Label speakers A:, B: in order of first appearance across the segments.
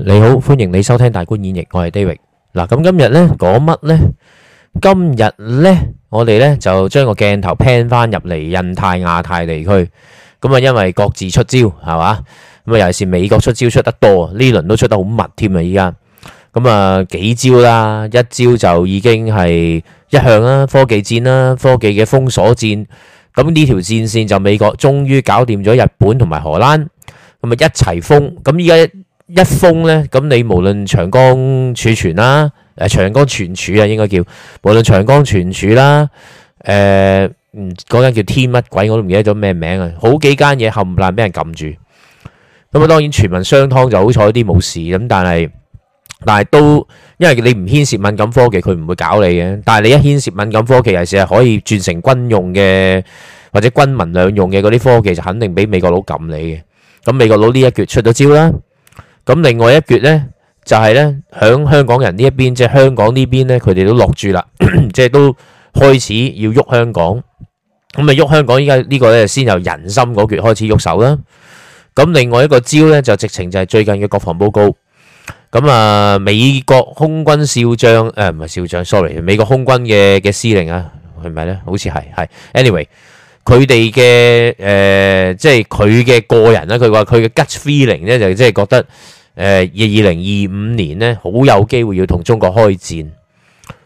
A: 你好，歡迎你收聽大觀演繹，我係 David。嗱，咁今日咧講乜咧？今日咧，我哋咧就將個鏡頭 pan 翻入嚟印太、亞太地區。咁啊，因為各自出招係嘛，咁啊，尤其是美國出招出得多，呢輪都出得好密添啊！依家咁啊，幾招啦，一招就已經係一向啦，科技戰啦，科技嘅封鎖戰。咁呢條戰線就美國終於搞掂咗日本同埋荷蘭，咁啊一齊封。咁依家。一封咧，咁你無論長江儲存啦，誒、呃、長江存儲啊，應該叫無論長江存儲啦，誒、呃，嗰間叫天乜鬼，我都唔記得咗咩名啊。好幾間嘢冚爛，俾人撳住。咁啊，當然全民商湯就好彩啲冇事咁，但係但係都因為你唔牽涉敏感科技，佢唔會搞你嘅。但係你一牽涉敏感科技，尤其係可以轉成軍用嘅或者軍民兩用嘅嗰啲科技，就肯定俾美國佬撳你嘅。咁美國佬呢一腳出咗招啦。咁另外一橛咧，就係咧喺香港人呢一邊，即係香港呢邊咧，佢哋都落住啦，即係都開始要喐香港。咁咪喐香港依家呢個咧，先由人心嗰橛開始喐手啦。咁另外一個招咧，就直情就係最近嘅國防報告。咁啊，美國空軍少將，誒唔係少將，sorry，美國空軍嘅嘅司令啊，係咪咧？好似係，係。Anyway，佢哋嘅誒，即係佢嘅個人咧，佢話佢嘅 gut feeling 咧，就即係覺得。誒二零二五年咧，好有機會要同中國開戰。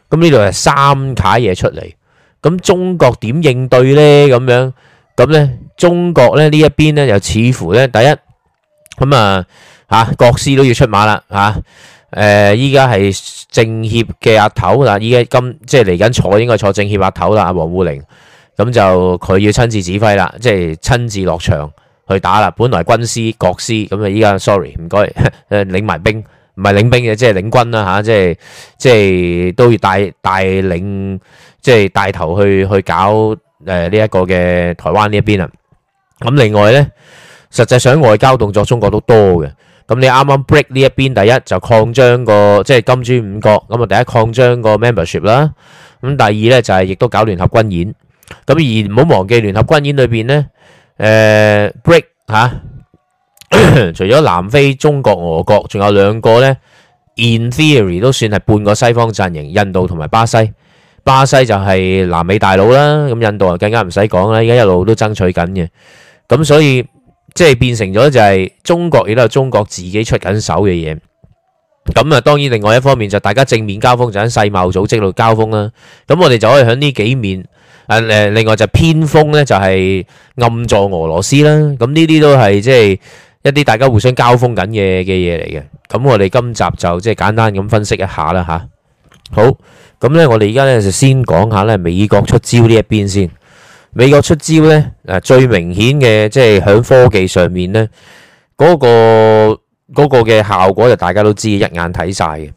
A: 咁呢度係三卡嘢出嚟，咁中國點應對呢？咁樣咁咧，中國咧呢一邊咧又似乎咧第一咁、嗯、啊嚇，國師都要出馬啦嚇。誒依家係政協嘅阿頭啦，依家今即係嚟緊坐應該坐政協阿頭啦，王滬寧咁就佢要親自指揮啦，即係親自落場，去打啦！本來軍師、國師咁啊，依家 sorry 唔該，誒領埋兵，唔係領兵嘅，即係領軍啦吓，即係即係都要帶帶領，即係帶頭去去搞誒呢一個嘅台灣呢一邊啊！咁另外咧，實際上外交動作中國都多嘅。咁你啱啱 break 呢一邊，第一就擴張個即係金磚五國，咁啊第一擴張個 membership 啦。咁第二咧就係亦都搞聯合軍演。咁而唔好忘記聯合軍演裏邊咧。誒，break 吓，除咗南非、中國、俄國，仲有兩個咧，in theory 都算係半個西方陣營，印度同埋巴西。巴西就係南美大佬啦，咁印度啊更加唔使講啦，依家一路都爭取緊嘅。咁所以即係變成咗就係中國，亦都係中國自己出緊手嘅嘢。咁啊，當然另外一方面就大家正面交鋒就喺世貿組織度交鋒啦。咁我哋就可以喺呢幾面。誒誒，另外就偏鋒咧，就係暗助俄羅斯啦。咁呢啲都係即係一啲大家互相交鋒緊嘅嘅嘢嚟嘅。咁我哋今集就即係簡單咁分析一下啦吓。好，咁咧我哋而家咧就先講下咧美國出招呢一邊先。美國出招咧誒，最明顯嘅即係響科技上面咧嗰個嗰個嘅效果就大家都知一眼睇晒嘅，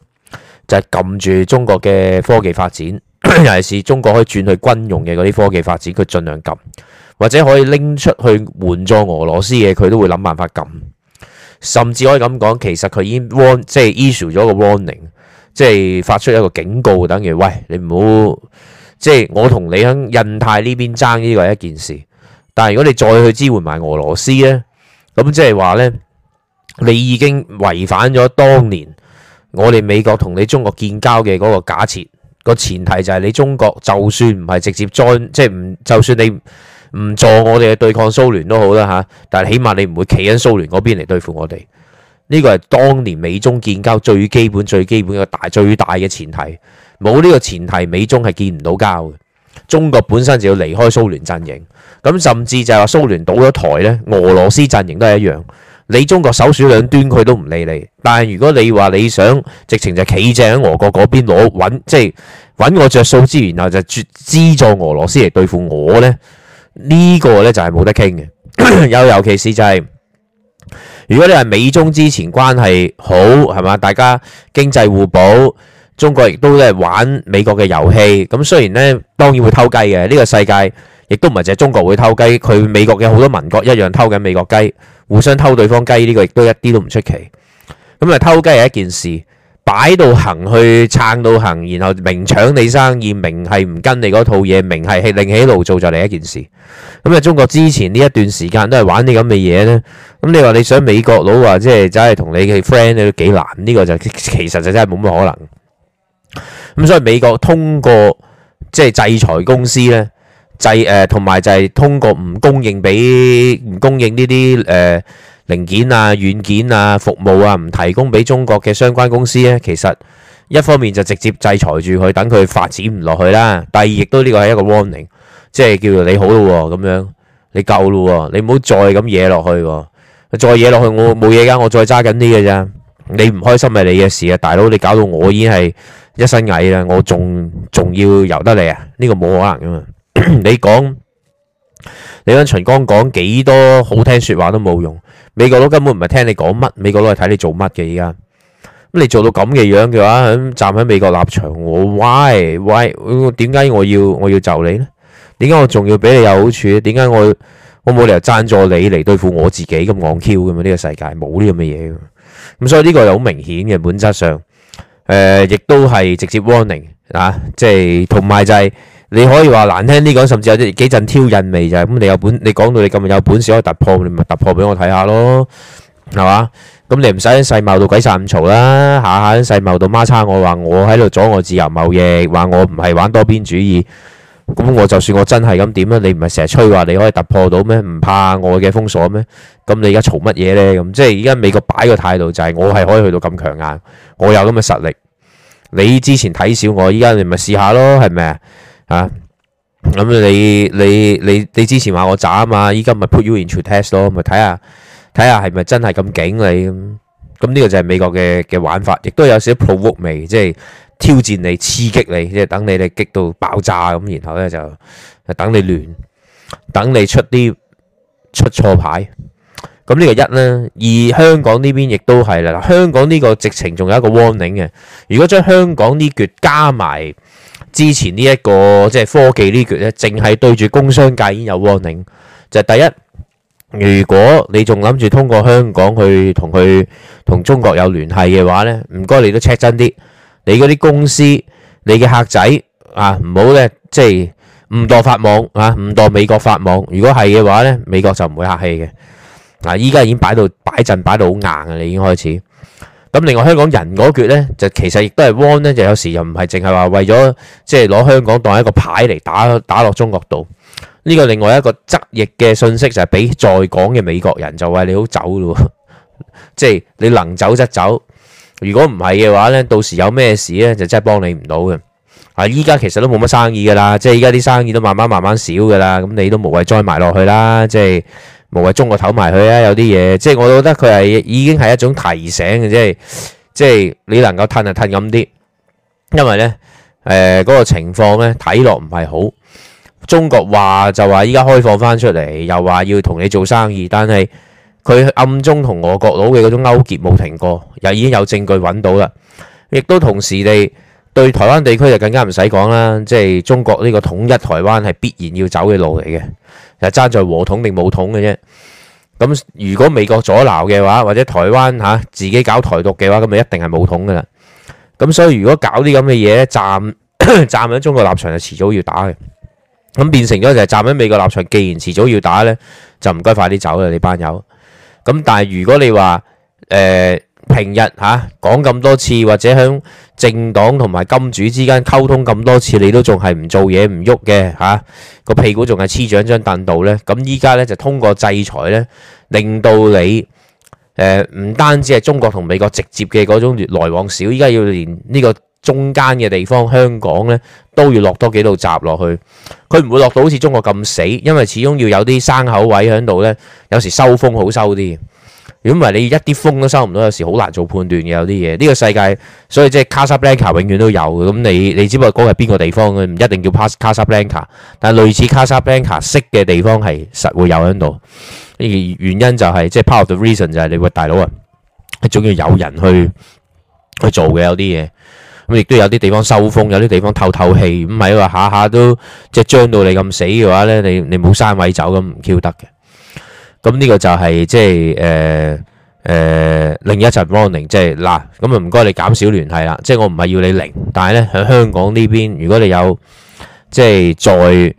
A: 就係撳住中國嘅科技發展。尤其是中國可以轉去軍用嘅嗰啲科技發展，佢盡量撳，或者可以拎出去援助俄羅斯嘅，佢都會諗辦法撳。甚至可以咁講，其實佢已經 warn，即係 issue 咗個 warning，即係發出一個警告，等於喂，你唔好，即係我同你喺印太呢邊爭呢個一件事。但係如果你再去支援埋俄羅斯咧，咁即係話咧，你已經違反咗當年我哋美國同你中國建交嘅嗰個假設。個前提就係你中國就算唔係直接 join 即係唔就算你唔助我哋去對抗蘇聯都好啦吓，但係起碼你唔會企喺蘇聯嗰邊嚟對付我哋呢、這個係當年美中建交最基本最基本嘅大最大嘅前提，冇呢個前提美中係建唔到交嘅。中國本身就要離開蘇聯陣營咁，甚至就係話蘇聯倒咗台呢俄羅斯陣營都係一樣。你中國首鼠兩端，佢都唔理你。但係如果你話你想直情就企正喺俄國嗰邊攞穩，即係搵我着數之，然後就絕資助俄羅斯嚟對付我咧？呢、這個咧就係冇得傾嘅。有 尤其是就係、是、如果你係美中之前關係好，係嘛，大家經濟互補，中國亦都咧玩美國嘅遊戲。咁雖然咧當然會偷雞嘅呢、這個世界，亦都唔係淨係中國會偷雞，佢美國有好多民國一樣偷緊美國雞。互相偷對方雞呢、這個亦都一啲都唔出奇，咁、嗯、啊偷雞係一件事，擺到行去撐到行，然後明搶你生意，明係唔跟你嗰套嘢，明係係另起路做就另一件事。咁、嗯、啊，中國之前呢一段時間都係玩啲咁嘅嘢咧。咁、嗯、你話你想美國佬話即係真係同你嘅 friend 都幾難，呢、這個就其實就真係冇乜可能。咁、嗯、所以美國通過即係制裁公司咧。制誒同埋就係通過唔供應俾唔供應呢啲誒零件啊、軟件啊、服務啊，唔提供俾中國嘅相關公司咧。其實一方面就直接制裁住佢，等佢發展唔落去啦。第二亦都呢個係一個 warning，即係叫做你好咯喎，咁樣你夠咯喎，你唔好再咁嘢落去喎。再嘢落去我冇嘢噶，我再揸緊啲嘅咋。你唔開心係你嘅事啊，大佬你搞到我已經係一身蟻啦，我仲仲要由得你啊？呢個冇可能噶嘛。你講，你跟秦剛講幾多好聽說話都冇用，美國佬根本唔係聽你講乜，美國佬係睇你做乜嘅。而家咁你做到咁嘅樣嘅話，咁站喺美國立場，我 why why 點解我要我要就你呢？點解我仲要俾你有好處？點解我我冇理由贊助你嚟對付我自己咁戇 Q 咁啊？呢、這個世界冇呢咁嘅嘢，咁所以呢個係好明顯嘅，本質上，誒、呃，亦都係直接 warning 啊，即係同埋就係、是。你可以話難聽啲講，甚至有啲幾陣挑釁味就係咁。你有本，你講到你咁有本事可以突破，你咪突破俾我睇下咯，係嘛？咁你唔使喺世貿度鬼殺咁嘈啦嚇，世貿度媽叉我話我喺度阻我自由貿易，話我唔係玩多邊主義。咁我就算我真係咁點啦，你唔係成日吹話你可以突破到咩？唔怕我嘅封鎖咩？咁你而家嘈乜嘢呢？咁即係而家美國擺個態度就係我係可以去到咁強硬，我有咁嘅實力。你之前睇小我，依家你咪試下咯，係咪啊？吓，咁、啊、你你你你之前話我渣啊嘛，依家咪 put you into test 咯，咪睇下睇下係咪真係咁勁你咁，咁呢個就係美國嘅嘅玩法，亦都有少少 provoke 味，即係挑戰你、刺激你，即係等你哋激到爆炸咁，然後咧就，就等你亂，等你出啲出錯牌。咁呢個一啦，而香港呢邊亦都係啦，香港呢個直情仲有一個 warning 嘅，如果將香港呢橛加埋。之前呢一個即係科技呢橛咧，淨係對住工商界已經有 warning。就第一，如果你仲諗住通過香港去同佢同中國有聯繫嘅話咧，唔該你都 check 真啲。你嗰啲公司、你嘅客仔啊，唔好咧即係唔墮法網啊，唔墮美國法網。如果係嘅話咧，美國就唔會客氣嘅。嗱，依家已經擺到擺陣，擺到好硬啊！你已經開始。咁另外香港人嗰橛呢，就其實亦都係 warn 呢。就有時又唔係淨係話為咗即係攞香港當一個牌嚟打，打落中國度。呢個另外一個側翼嘅信息就係俾在港嘅美國人，就話你好走咯，即 係你能走則走，如果唔係嘅話呢，到時有咩事呢，就真係幫你唔到嘅。啊！依家其實都冇乜生意噶啦，即係依家啲生意都慢慢慢慢少噶啦。咁你都無謂栽埋落去啦，即係無謂中國投埋去啊！有啲嘢，即係我覺得佢係已經係一種提醒嘅，即係即係你能夠褪啊褪咁啲。因為咧，誒、呃、嗰、嗰個情況咧睇落唔係好。中國話就話依家開放翻出嚟，又話要同你做生意，但係佢暗中同俄國佬嘅嗰種勾結冇停過，又已經有證據揾到啦，亦都同時地。對台灣地區就更加唔使講啦，即、就、係、是、中國呢個統一台灣係必然要走嘅路嚟嘅，就爭在和統定武統嘅啫。咁如果美國阻撓嘅話，或者台灣吓、啊、自己搞台獨嘅話，咁就一定係武統噶啦。咁所以如果搞啲咁嘅嘢，站 站喺中國立場就遲早要打嘅。咁變成咗就站喺美國立場，既然遲早要打咧，就唔該快啲走啦，你班友。咁但係如果你話誒，呃平日嚇、啊、講咁多次，或者喺政黨同埋金主之間溝通咁多次，你都仲係唔做嘢唔喐嘅嚇，個、啊、屁股仲係黐住一張凳度咧。咁依家咧就通過制裁咧，令到你誒唔、呃、單止係中國同美國直接嘅嗰種來往少，依家要連呢個中間嘅地方香港咧都要落多幾道閘落去。佢唔會落到好似中國咁死，因為始終要有啲生口位喺度咧，有時收風好收啲。如果唔係你一啲風都收唔到，有時好難做判斷嘅有啲嘢。呢、這個世界所以即係卡 a s a b 永遠都有嘅。咁你你知唔知嗰個係邊個地方嘅？唔一定叫卡 a s s c anca, 但係類似卡 a s a b 識嘅地方係實會有喺度。呢原因就係、是、即係 Power e reason 就係、是、你喂大佬啊，係總要有人去去做嘅有啲嘢。咁亦都有啲地方收風，有啲地方透透氣。唔係話下下都即係將到你咁死嘅話咧，你你冇三位走咁唔 Q 得嘅。咁呢個就係、是、即係誒誒另一層 warning，即係嗱，咁啊唔該你減少聯繫啦，即係我唔係要你零，但係咧喺香港呢邊，如果你有即係在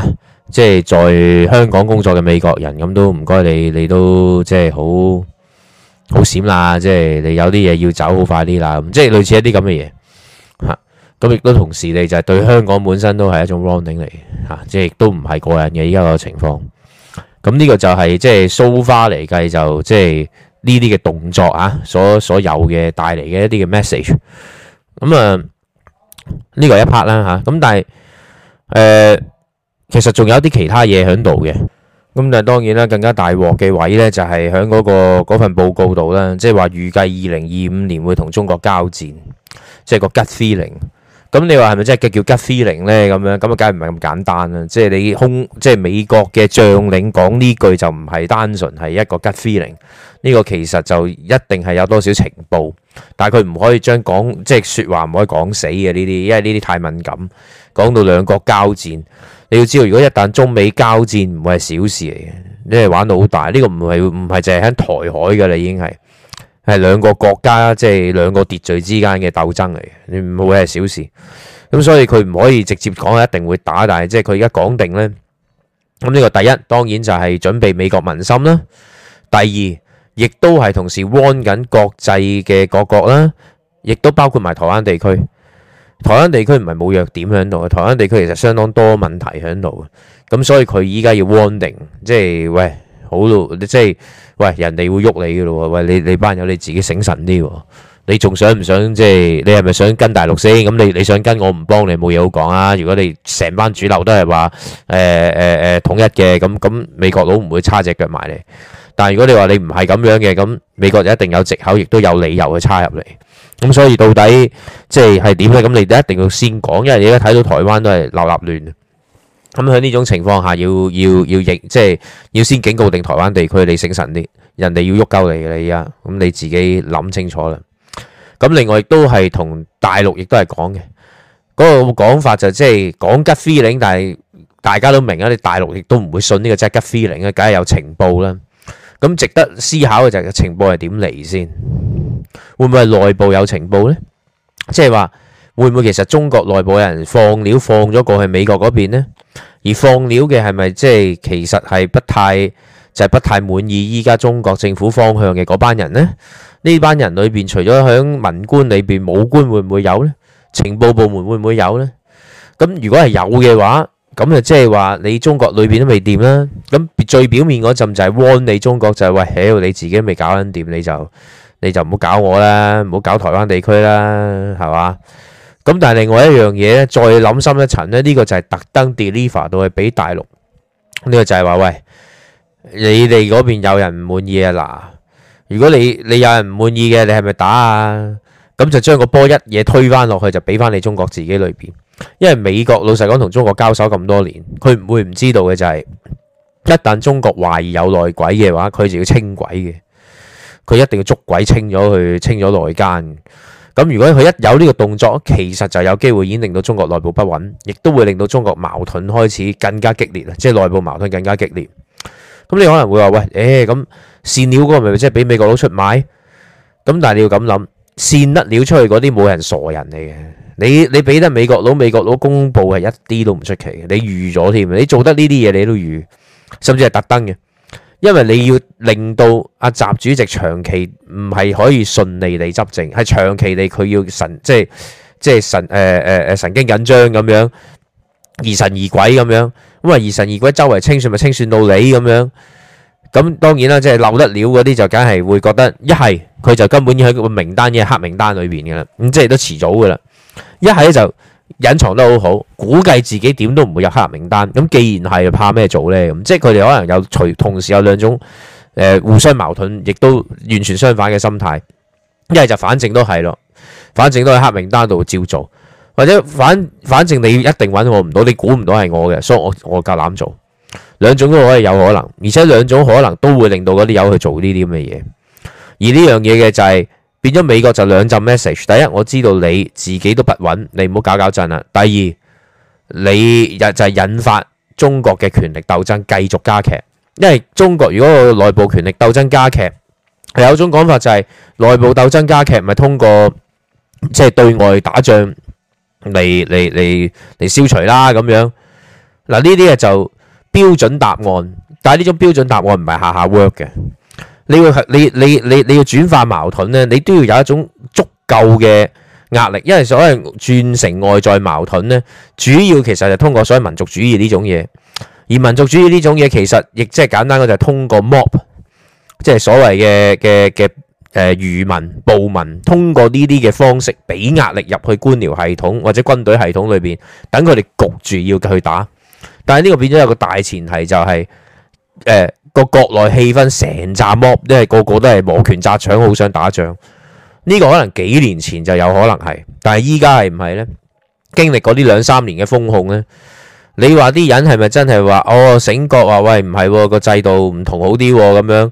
A: 嚇，即係在，、啊、在香港工作嘅美國人，咁都唔該你，你都即係好好閃啦，即係你有啲嘢要走好快啲啦，咁即係類似一啲咁嘅嘢嚇，咁亦都同時你就係對香港本身都係一種 warning 嚟嚇，即係亦都唔係個人嘅依家個情況。咁呢個就係、是、即係蘇花嚟計就即係呢啲嘅動作、嗯、啊，所所有嘅帶嚟嘅一啲嘅 message。咁啊呢個一 part 啦吓，咁但係誒、呃、其實仲有啲其他嘢喺度嘅。咁但係當然啦，更加大鑊嘅位咧就係喺嗰個嗰份報告度啦，即係話預計二零二五年會同中國交戰，即係個吉 feeling 咁、嗯、你話係咪真係叫 good feeling 呢？咁樣咁啊，梗係唔係咁簡單啦？即係你空，即係美國嘅將領講呢句就唔係單純係一個 good feeling。呢個其實就一定係有多少情報，但係佢唔可以將講即係説話唔可以講死嘅呢啲，因為呢啲太敏感。講到兩國交戰，你要知道，如果一旦中美交戰，唔會係小事嚟嘅，你係玩到好大。呢、呢個唔係唔係淨係、是、喺台海嘅啦，已經係。係兩個國家，即係兩個秩序之間嘅鬥爭嚟嘅，你唔會係小事。咁所以佢唔可以直接講一定會打，但係即係佢而家講定呢。咁呢個第一，當然就係準備美國民心啦。第二，亦都係同時 warning 國際嘅各國啦，亦都包括埋台灣地區。台灣地區唔係冇弱點喺度嘅，台灣地區其實相當多問題喺度。咁所以佢依家要 warning，即係喂，好咯，即係。喂，人哋會喐你噶咯喎！喂，你你班友你自己醒神啲喎！你仲想唔想即係你係咪想跟大陸先？咁你你想跟，我唔幫你冇嘢好講啊！如果你成班主流都係話誒誒誒統一嘅，咁咁美國佬唔會叉隻腳埋嚟。但係如果你話你唔係咁樣嘅，咁美國就一定有藉口，亦都有理由去叉入嚟。咁所以到底即係係點咧？咁你都一定要先講，因為你而家睇到台灣都係立立亂。咁喺呢種情況下，要要要應，即係要先警告定台灣地區你醒神啲，人哋要喐鳩你啦你依家，咁你自己諗清楚啦。咁另外亦都係同大陸亦都係講嘅嗰個講法就即係講 gut feeling，但係大家都明啊，你大陸亦都唔會信呢個即 gut feeling 啊，梗係有情報啦。咁值得思考嘅就係情報係點嚟先，會唔會內部有情報呢？即係話。會唔會其實中國內部人放料放咗過去美國嗰邊呢？而放料嘅係咪即係其實係不太就係不太滿意依家中國政府方向嘅嗰班人呢？呢班人裏邊除咗響文官裏邊，武官會唔會有呢？情報部門會唔會有呢？咁如果係有嘅話，咁就即係話你中國裏邊都未掂啦。咁最表面嗰陣就係 warn 你中國就係喂，屌你自己未搞緊掂，你就你就唔好搞我啦，唔好搞台灣地區啦，係嘛？咁但係另外一樣嘢咧，再諗深一層咧，呢個就係特登 deliver 到去俾大陸。呢個就係話，喂，你哋嗰邊有人唔滿意啊？嗱，如果你你有人唔滿意嘅，你係咪打啊？咁就將個波一嘢推翻落去，就俾翻你中國自己裏邊。因為美國老實講同中國交手咁多年，佢唔會唔知道嘅就係，一旦中國懷疑有內鬼嘅話，佢就要清鬼嘅，佢一定要捉鬼清咗佢，清咗內奸。咁如果佢一有呢個動作，其實就有機會已經令到中國內部不穩，亦都會令到中國矛盾開始更加激烈啊！即係內部矛盾更加激烈。咁你可能會話喂，誒咁扇料嗰個咪咪，即係俾美國佬出賣？咁但係你要咁諗，扇得料出去嗰啲冇人傻人嚟嘅。你你俾得美國佬，美國佬公布係一啲都唔出奇嘅。你預咗添，你做得呢啲嘢你都預，甚至係特登嘅。因為你要令到阿習主席長期唔係可以順利地執政，係長期地佢要神即係即係神誒誒誒神經緊張咁樣，疑神疑鬼咁樣咁啊，疑神疑鬼周圍清算咪清算到你咁樣咁，當然啦，即係漏得了嗰啲就梗係會覺得一係佢就根本要喺個名單嘅，就係，黑名單裏邊嘅啦，咁即係都遲早噶啦，一係咧就。隱藏得好好，估計自己點都唔會入黑名單。咁既然係，怕咩做呢？咁即係佢哋可能有除同時有兩種誒、呃、互相矛盾，亦都完全相反嘅心態。一係就反正都係咯，反正都喺黑名單度照做，或者反反正你一定搵我唔到，你估唔到係我嘅，所以我我夠膽做。兩種都可以有可能，而且兩種可能都會令到嗰啲友去做呢啲咁嘅嘢。而呢樣嘢嘅就係、是。變咗美國就兩陣 message，第一我知道你自己都不穩，你唔好搞搞震啦。第二，你又就係引發中國嘅權力鬥爭繼續加劇，因為中國如果個內部權力鬥爭加劇，係有種講法就係內部鬥爭加劇咪通過即係、就是、對外打仗嚟嚟嚟嚟，消除啦咁樣。嗱呢啲嘢就標準答案，但係呢種標準答案唔係下下 work 嘅。你要係你你你你要轉化矛盾咧，你都要有一種足夠嘅壓力，因為所謂轉成外在矛盾咧，主要其實就通過所謂民族主義呢種嘢，而民族主義呢種嘢其實亦即係簡單嘅就係通過 mob，即係所謂嘅嘅嘅誒，愚民、暴民，通過呢啲嘅方式俾壓力入去官僚系統或者軍隊系統裏邊，等佢哋焗住要去打，但係呢個變咗有個大前提就係誒。個國內氣氛成扎剝，因為個個都係磨拳擦掌，好想打仗。呢、這個可能幾年前就有可能係，但係依家係唔係呢？經歷嗰啲兩三年嘅封控呢？你話啲人係咪真係話哦醒覺話？喂，唔係喎，個制度唔同好啲咁、哦、樣，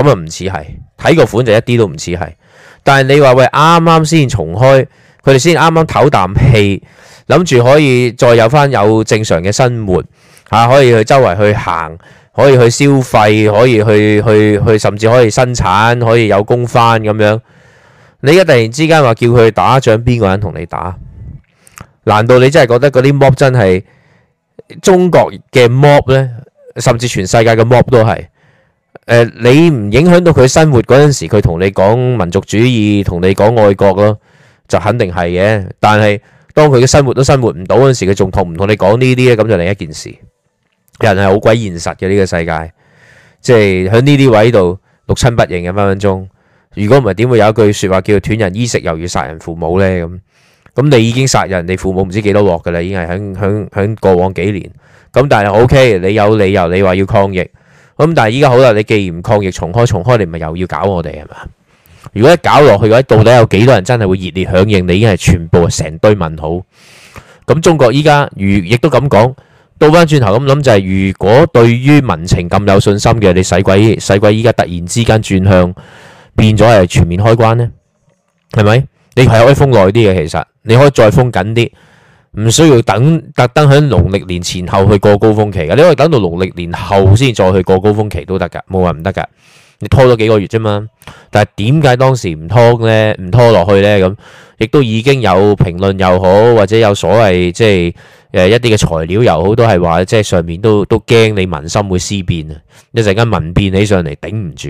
A: 咁啊唔似係睇個款就一啲都唔似係。但係你話喂啱啱先重開，佢哋先啱啱唞啖氣，諗住可以再有翻有正常嘅生活吓、啊，可以去周圍去行。可以去消費，可以去去去，甚至可以生產，可以有工返咁樣。你而家突然之間話叫佢打仗，邊個人同你打？難道你真係覺得嗰啲 mob 真係中國嘅 mob 咧，甚至全世界嘅 mob 都係？誒、呃，你唔影響到佢生活嗰陣時，佢同你講民族主義，同你講愛國咯，就肯定係嘅。但係當佢嘅生活都生活唔到嗰陣時，佢仲同唔同你講呢啲咧，咁就另一件事。人係好鬼現實嘅，呢、這個世界，即係喺呢啲位度六親不認嘅分分鐘。如果唔係，點會有一句說話叫做斷人衣食又要殺人父母呢？咁，咁你已經殺人，你父母唔知幾多鑊噶啦，已經係響響響過往幾年。咁但係 OK，你有理由，你話要抗疫。咁但係依家好啦，你既然唔抗疫重開，重開你咪又要搞我哋係嘛？如果一搞落去嘅話，到底有幾多人真係會熱烈響應你？你已經係全部成堆問號。咁中國依家亦都咁講。倒翻轉頭咁諗就係，如果對於民情咁有信心嘅，你使鬼使鬼依家突然之間轉向變咗係全面開關呢？係咪？你係可以封耐啲嘅，其實你可以再封緊啲，唔需要等特登喺農曆年前後去過高峰期，你可以等到農曆年後先再去過高峰期都得噶，冇話唔得噶。你拖咗幾個月啫嘛？但係點解當時唔拖咧？唔拖落去咧咁，亦都已經有評論又好，或者有所謂即係誒一啲嘅材料又好，都係話即係上面都都驚你民心會思變啊！一陣間民變起上嚟頂唔住，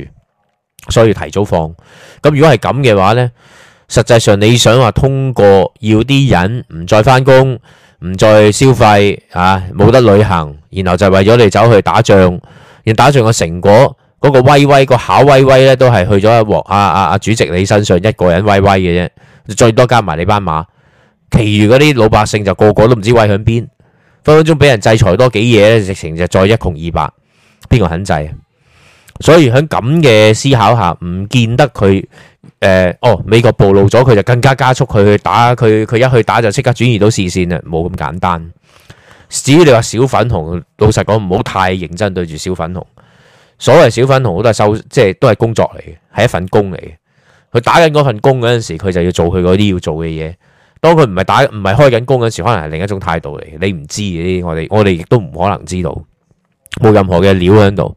A: 所以提早放。咁如果係咁嘅話咧，實際上你想話通過要啲人唔再返工，唔再消費啊，冇得旅行，然後就為咗你走去打仗，要打仗嘅成果。嗰個威威、個考威威咧，都係去咗一鑊。阿阿阿主席你身上一個人威威嘅啫，最多加埋你班馬，其餘嗰啲老百姓就個個都唔知威響邊，分分鐘俾人制裁多幾嘢，直情就再一窮二白。邊個肯制啊？所以喺咁嘅思考下，唔見得佢誒、呃、哦，美國暴露咗佢就更加加速佢去打佢，佢一去打就即刻轉移到視線啦，冇咁簡單。至於你話小粉紅，老實講唔好太認真對住小粉紅。所謂小粉紅都係收，即係都係工作嚟嘅，係一份工嚟嘅。佢打緊嗰份工嗰陣時，佢就要做佢嗰啲要做嘅嘢。當佢唔係打唔係開緊工嗰時，可能係另一種態度嚟嘅。你唔知呢啲，我哋我哋亦都唔可能知道，冇任何嘅料喺度。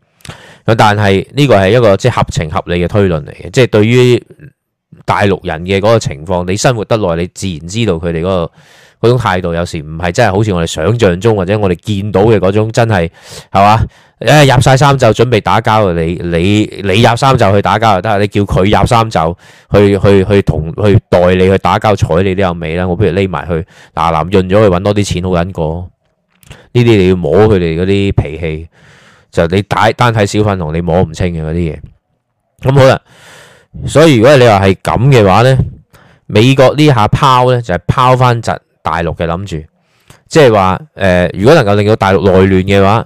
A: 但係呢個係一個即係合情合理嘅推論嚟嘅，即係對於大陸人嘅嗰個情況，你生活得耐，你自然知道佢哋嗰個。嗰種態度有時唔係真係好似我哋想象中或者我哋見到嘅嗰種，真係係嘛？誒、啊、入晒衫袖準備打交啊！你你你入衫袖去打交就得，你叫佢入衫袖去去去同去，去，去代理去打交，睬你都有味啦！我不如匿埋去嗱、啊，男潤咗去揾多啲錢好撚過。呢啲你要摸佢哋嗰啲脾氣，就你睇單睇小粉紅，你摸唔清嘅嗰啲嘢。咁好啦，所以如果你話係咁嘅話呢，美國呢下拋呢，就係拋翻窒。大陸嘅諗住，即係話誒，如果能夠令到大陸內亂嘅話，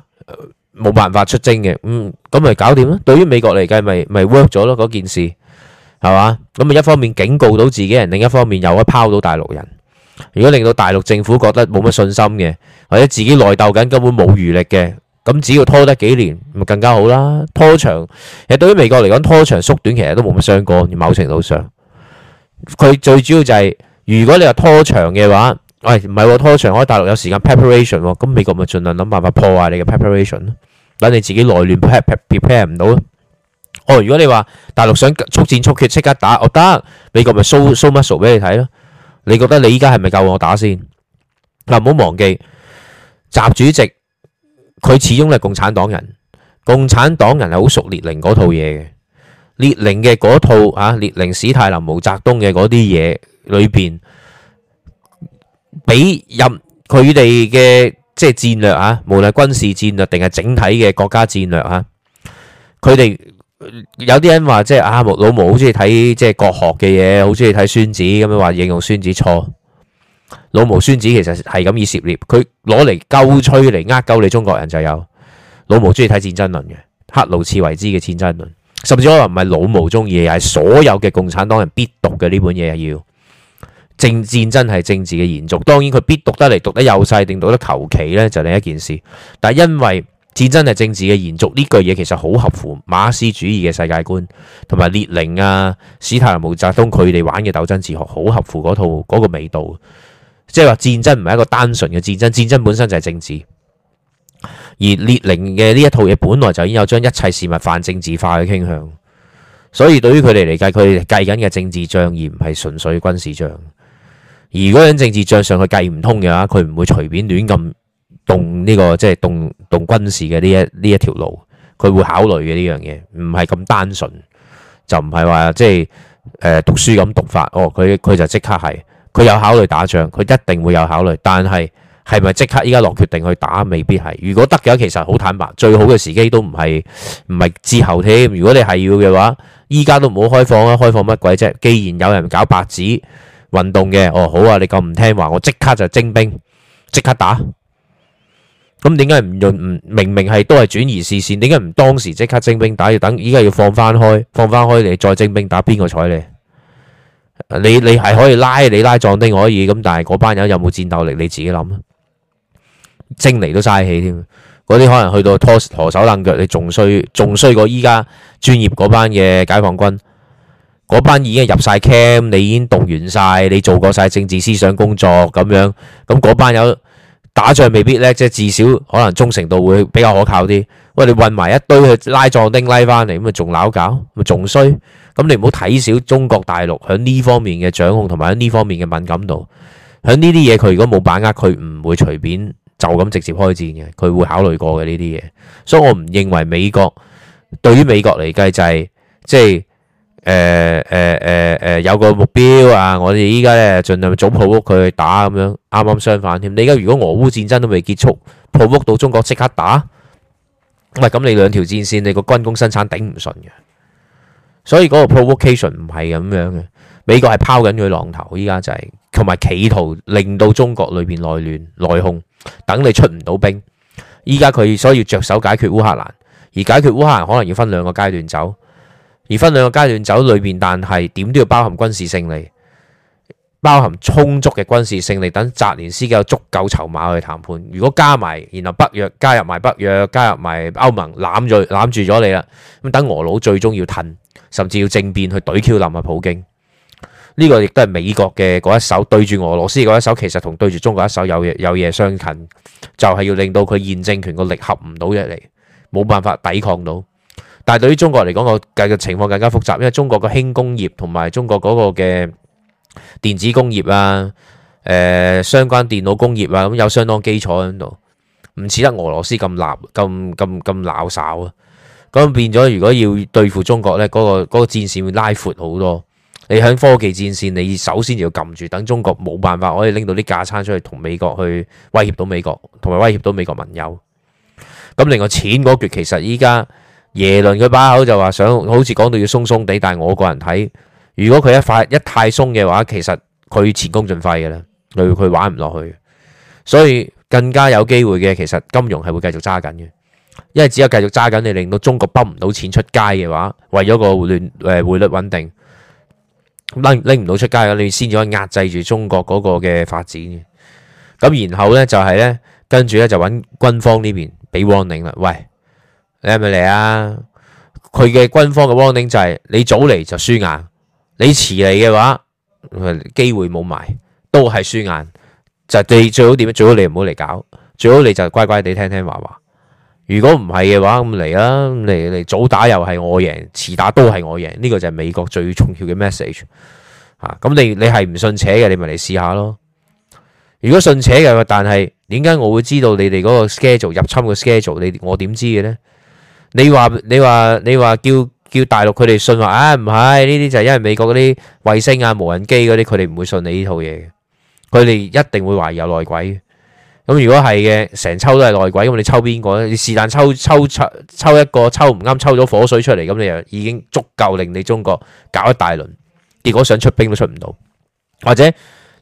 A: 冇、呃、辦法出征嘅。嗯，咁咪搞掂啦。對於美國嚟計，咪咪 work 咗咯嗰件事，係嘛？咁咪一方面警告到自己人，另一方面又可以拋到大陸人。如果令到大陸政府覺得冇乜信心嘅，或者自己內鬥緊，根本冇餘力嘅，咁只要拖得幾年，咪更加好啦。拖長其實對於美國嚟講，拖長縮短其實都冇乜相干，某程度上，佢最主要就係，如果你話拖長嘅話。喂，唔係喎，拖長大陸有時間 preparation 咁美國咪盡量諗辦法破壞你嘅 preparation 咯，等你自己內亂 prepare 唔到咯。哦，如果你話大陸想速戰速決即刻打，我、哦、得，美國咪 show muscle 俾你睇咯？你覺得你依家係咪夠我打先？嗱，唔好忘記習主席，佢始終係共產黨人，共產黨人係好熟列寧嗰套嘢嘅，列寧嘅嗰套啊，列寧、史太林、毛澤東嘅嗰啲嘢裏邊。俾任佢哋嘅即係戰略吓，無論係軍事戰略定係整體嘅國家戰略吓，佢哋有啲人話即係啊，老毛好中意睇即係國學嘅嘢，好中意睇孫子，咁樣話應用孫子錯。老毛孫子其實係咁意涉獵，佢攞嚟鳩吹嚟呃鳩你中國人就有，老毛中意睇《戰爭論》嘅克勞塞維茨嘅《戰爭論》，甚至可能唔係老毛中意，係所有嘅共產黨人必讀嘅呢本嘢要。正戰爭係政治嘅延續，當然佢必讀得嚟，讀得幼細定讀得求其呢，就是、另一件事。但係因為戰爭係政治嘅延續呢句嘢，其實好合乎馬克思主義嘅世界觀，同埋列寧啊、史太林、毛澤東佢哋玩嘅鬥爭哲學，好合乎嗰套嗰、嗰個味道。即係話戰爭唔係一個單純嘅戰爭，戰爭本身就係政治。而列寧嘅呢一套嘢，本來就已經有將一切事物泛政治化嘅傾向，所以對於佢哋嚟計，佢哋計緊嘅政治仗而唔係純粹軍事仗。如果喺政治帳上佢計唔通嘅話，佢唔會隨便亂咁動呢、這個即係動動軍事嘅呢一呢一條路，佢會考慮嘅呢樣嘢，唔係咁單純，就唔係話即係誒、呃、讀書咁讀法。哦，佢佢就即刻係，佢有考慮打仗，佢一定會有考慮，但係係咪即刻依家落決定去打，未必係。如果得嘅，其實好坦白，最好嘅時機都唔係唔係之後添。如果你係要嘅話，依家都唔好開放啊！開放乜鬼啫？既然有人搞白紙運動嘅。哦，好啊，你咁唔聽話，我即刻就徵兵即刻打，咁點解唔用？唔明，明係都係轉移視線，點解唔當時即刻徵兵打，要等依家要放翻開，放翻開你再徵兵打，邊個睬你？你你係可以拉你拉壯丁，可以咁，但係嗰班人有冇戰鬥力？你自己諗啊，徵嚟都嘥氣添，嗰啲，可能去到拖手冷腳，你仲衰，仲衰過依家專業嗰班嘅解放軍。嗰班已經入晒 cam，你已經動完晒，你做過晒政治思想工作咁樣，咁嗰班有打仗未必叻，即係至少可能忠誠度會比較可靠啲。喂，你混埋一堆去拉壯丁拉翻嚟，咁咪仲扭搞，咁咪仲衰。咁你唔好睇小中國大陸響呢方面嘅掌控同埋喺呢方面嘅敏感度，響呢啲嘢佢如果冇把握，佢唔會隨便就咁直接開戰嘅，佢會考慮過嘅呢啲嘢。所以我唔認為美國對於美國嚟計就係、是、即係。誒誒誒誒，有個目標啊！我哋依家咧盡量早 provoke 佢打咁樣，啱啱相反添。你而家如果俄烏戰爭都未結束，provoke 到中國即刻打，喂，咁你兩條戰線，你個軍工生產頂唔順嘅。所以嗰個 provocation 唔係咁樣嘅，美國係拋緊佢浪頭，依家就係同埋企圖令到中國裏邊內亂、內訌，等你出唔到兵。依家佢所以要着手解決烏克蘭，而解決烏克蘭可能要分兩個階段走。而分兩個階段走裏邊，但係點都要包含軍事勝利，包含充足嘅軍事勝利，等澤連斯基有足夠籌碼去談判。如果加埋，然後北約加入埋北約，加入埋歐盟攬住攬住咗你啦，咁等俄佬最終要褪，甚至要政變去懟丘林啊普京。呢個亦都係美國嘅嗰一手，對住俄羅斯嗰一手，其實同對住中國一手有嘢有嘢相近，就係要令到佢現政權個力合唔到入嚟，冇辦法抵抗到。但係對於中國嚟講個嘅情況更加複雜，因為中國個輕工業同埋中國嗰個嘅電子工業啊，誒、呃，相關電腦工業啊，咁有相當基礎喺度，唔似得俄羅斯咁鬧咁咁咁鬧哨啊。咁變咗，如果要對付中國咧，嗰個嗰個戰線會拉闊好多。你喺科技戰線，你首先要撳住，等中國冇辦法可以拎到啲架撐出去同美國去威脅到美國，同埋威脅到美國盟友。咁另外錢嗰橛，其實依家。耶倫佢把口就話想，好似講到要鬆鬆地，但係我個人睇，如果佢一快一太鬆嘅話，其實佢前功盡廢嘅啦，佢玩唔落去，所以更加有機會嘅，其實金融係會繼續揸緊嘅，因為只有繼續揸緊，你令到中國崩唔到錢出街嘅話，為咗個聯匯率穩定拎唔到出街嘅，你先至可以壓制住中國嗰個嘅發展嘅，咁然後呢，就係、是、呢，跟住呢，就揾軍方呢邊畀 warning 啦，喂。你係咪嚟啊？佢嘅軍方嘅 warning 就係，你早嚟就輸硬，你遲嚟嘅話機會冇埋，都係輸硬。就係、你最好點？最好你唔好嚟搞，最好你就乖乖地聽聽話話。如果唔係嘅話，咁嚟啦，你嚟早打又係我贏，遲打都係我贏。呢、呢個就係美國最重要嘅 message 吓。咁、啊、你你係唔信邪嘅，你咪嚟試下咯。如果信邪嘅，但係點解我會知道你哋嗰個 schedule 入侵嘅 schedule？你我點知嘅呢？你話你話你話叫叫大陸佢哋信話啊？唔係呢啲就係因為美國嗰啲衛星啊、無人機嗰啲，佢哋唔會信你呢套嘢。佢哋一定會懷疑有內鬼。咁如果係嘅，成抽都係內鬼，咁你抽邊個咧？你是但抽抽抽抽一個抽唔啱，抽咗火水出嚟，咁你又已經足夠令你中國搞一大輪。結果想出兵都出唔到，或者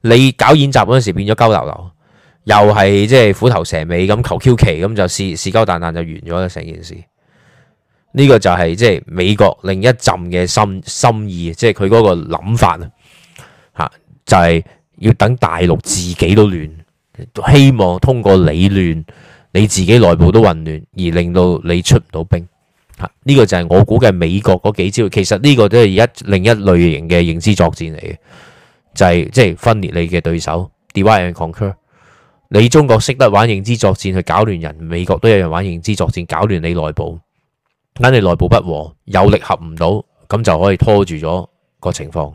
A: 你搞演習嗰陣時變咗鳩流流，又係即係虎頭蛇尾咁求 Q 奇咁就事事鳩彈彈就完咗啦，成件事。呢個就係即係美國另一陣嘅心心意，即係佢嗰個諗法啊，嚇就係、是、要等大陸自己都亂，希望通過你亂你自己內部都混亂，而令到你出唔到兵嚇。呢、這個就係我估嘅美國嗰幾招，其實呢個都係一另一類型嘅認知作戰嚟嘅，就係即係分裂你嘅對手。Divide and conquer。 你中國識得玩認知作戰去搞亂人，美國都有人玩認知作戰搞亂你內部。等你內部不和，有力合唔到，咁就可以拖住咗個情況。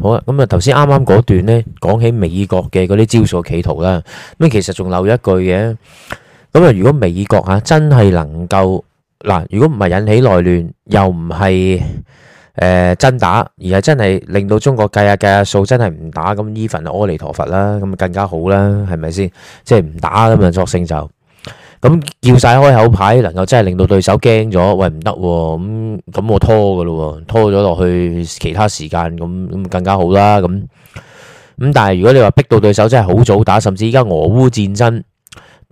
A: 好啦，咁啊頭先啱啱嗰段呢講起美國嘅嗰啲招數企圖啦，咁其實仲留一句嘅。咁啊如果美國吓真係能夠嗱，如果唔係引起內亂，又唔係誒真打，而係真係令到中國計下計下數，數真係唔打，咁 even 阿彌陀佛啦，咁啊更加好啦，係咪先？即係唔打咁啊，作勝就。咁叫晒開口牌，能夠真係令到對手驚咗，喂，唔得，咁咁我拖㗎喇，拖咗落去其他時間，咁咁更加好啦，咁咁但係如果你話逼到對手真係好早打，甚至依家俄烏戰爭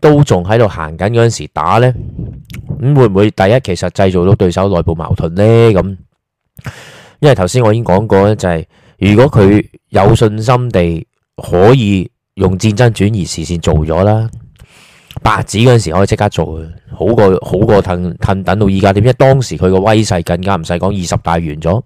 A: 都仲喺度行緊嗰陣時打呢，咁會唔會第一其實製造到對手內部矛盾呢？咁因為頭先我已經講過咧，就係如果佢有信心地可以用戰爭轉移視線做咗啦。白紙嗰陣時可以即刻做嘅，好過好過騰騰等到依家。點解當時佢個威勢更加唔使講？二十大完咗，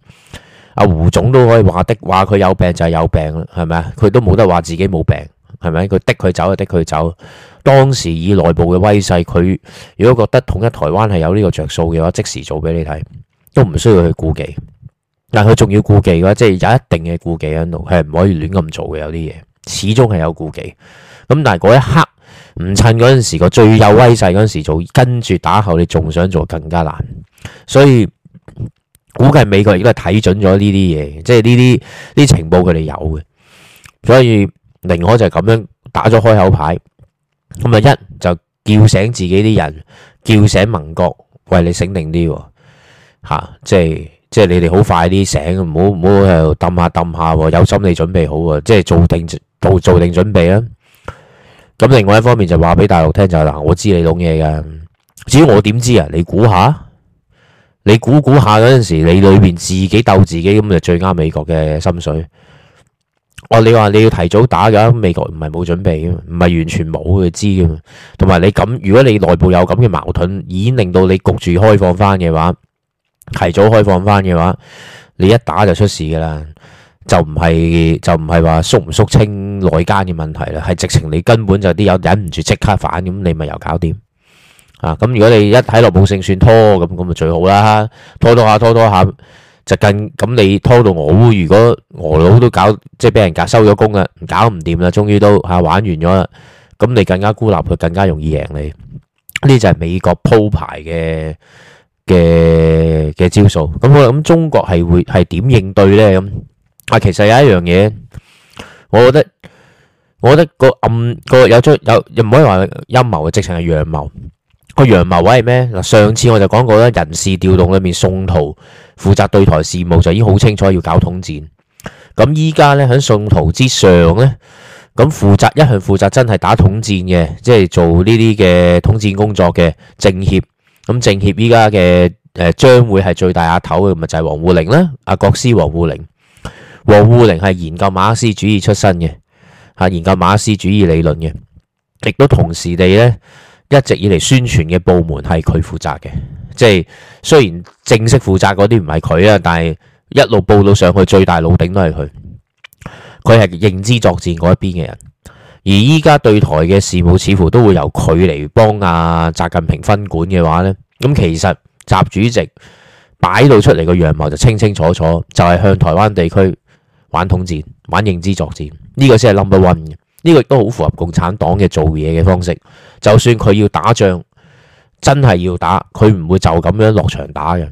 A: 阿胡總都可以話的，話佢有病就係有病啦，係咪啊？佢都冇得話自己冇病，係咪？佢的佢走就的佢走。當時以內部嘅威勢，佢如果覺得統一台灣係有呢個着數嘅話，即時做俾你睇，都唔需要去顧忌。但佢仲要顧忌嘅話，即係有一定嘅顧忌喺度，係唔可以亂咁做嘅。有啲嘢始終係有顧忌。咁但係嗰一刻，唔趁嗰陣時個最有威勢嗰陣時做，跟住打後你仲想做更加難，所以估計美國應該睇準咗呢啲嘢，即係呢啲呢情報佢哋有嘅，所以寧可就係咁樣打咗開口牌，咁啊一就叫醒自己啲人，叫醒盟國，喂，你醒定啲，吓、啊，即係即係你哋好快啲醒，唔好唔好喺度揼下揼下，有心理準備好啊，即係做定做做定準備啊。咁另外一方面就話俾大陸聽就係、是、嗱，我知你懂嘢噶，至於我點知啊？你估下，你估估下嗰陣時，你裏邊自己鬥自己咁就最啱美國嘅心水。我你話你要提早打嘅，美國唔係冇準備，唔係完全冇嘅知。同埋你咁，如果你內部有咁嘅矛盾，已經令到你焗住開放翻嘅話，提早開放翻嘅話，你一打就出事噶啦。就唔係就唔係話肅唔肅清內奸嘅問題啦，係直情你根本就啲有忍唔住即刻反咁，你咪又搞掂啊。咁如果你一睇落冇勝算拖，拖咁咁就最好啦，拖下拖下拖拖下，就更咁你拖到俄烏，如果俄佬都搞即係俾人夾收咗工啦，搞唔掂啦，終於都吓、啊、玩完咗啦，咁你更加孤立佢，更加容易贏你呢？就係美國鋪排嘅嘅嘅招數咁。咁中國係會係點應對咧？咁。啊，其實有一樣嘢，我覺得，我覺得個暗、個有張有，又唔可以話陰謀嘅，直情係陽謀。個陽謀位係咩？嗱，上次我就講過啦，人事調動裏面，宋濤負責對台事務就已經好清楚要搞統戰。咁依家咧，喺宋濤之上咧，咁負責一向負責真係打統戰嘅，即係做呢啲嘅統戰工作嘅政協。咁政協依家嘅誒將會係最大阿頭嘅咪就係王滬寧啦，阿國師王滬寧。王滬寧係研究馬克思主義出身嘅，嚇研究馬克思主義理論嘅，亦都同時地呢，一直以嚟宣傳嘅部門係佢負責嘅，即係雖然正式負責嗰啲唔係佢啊，但係一路報到上去最大老頂都係佢。佢係認知作戰嗰一邊嘅人，而依家對台嘅事務似乎都會由佢嚟幫啊習近平分管嘅話呢，咁其實習主席擺到出嚟個樣貌就清清楚楚，就係、是、向台灣地區。玩統戰，玩認知作戰，呢個先係 number one 嘅。呢個亦都好符合共產黨嘅做嘢嘅方式。就算佢要打仗，真係要打，佢唔會就咁樣落場打嘅，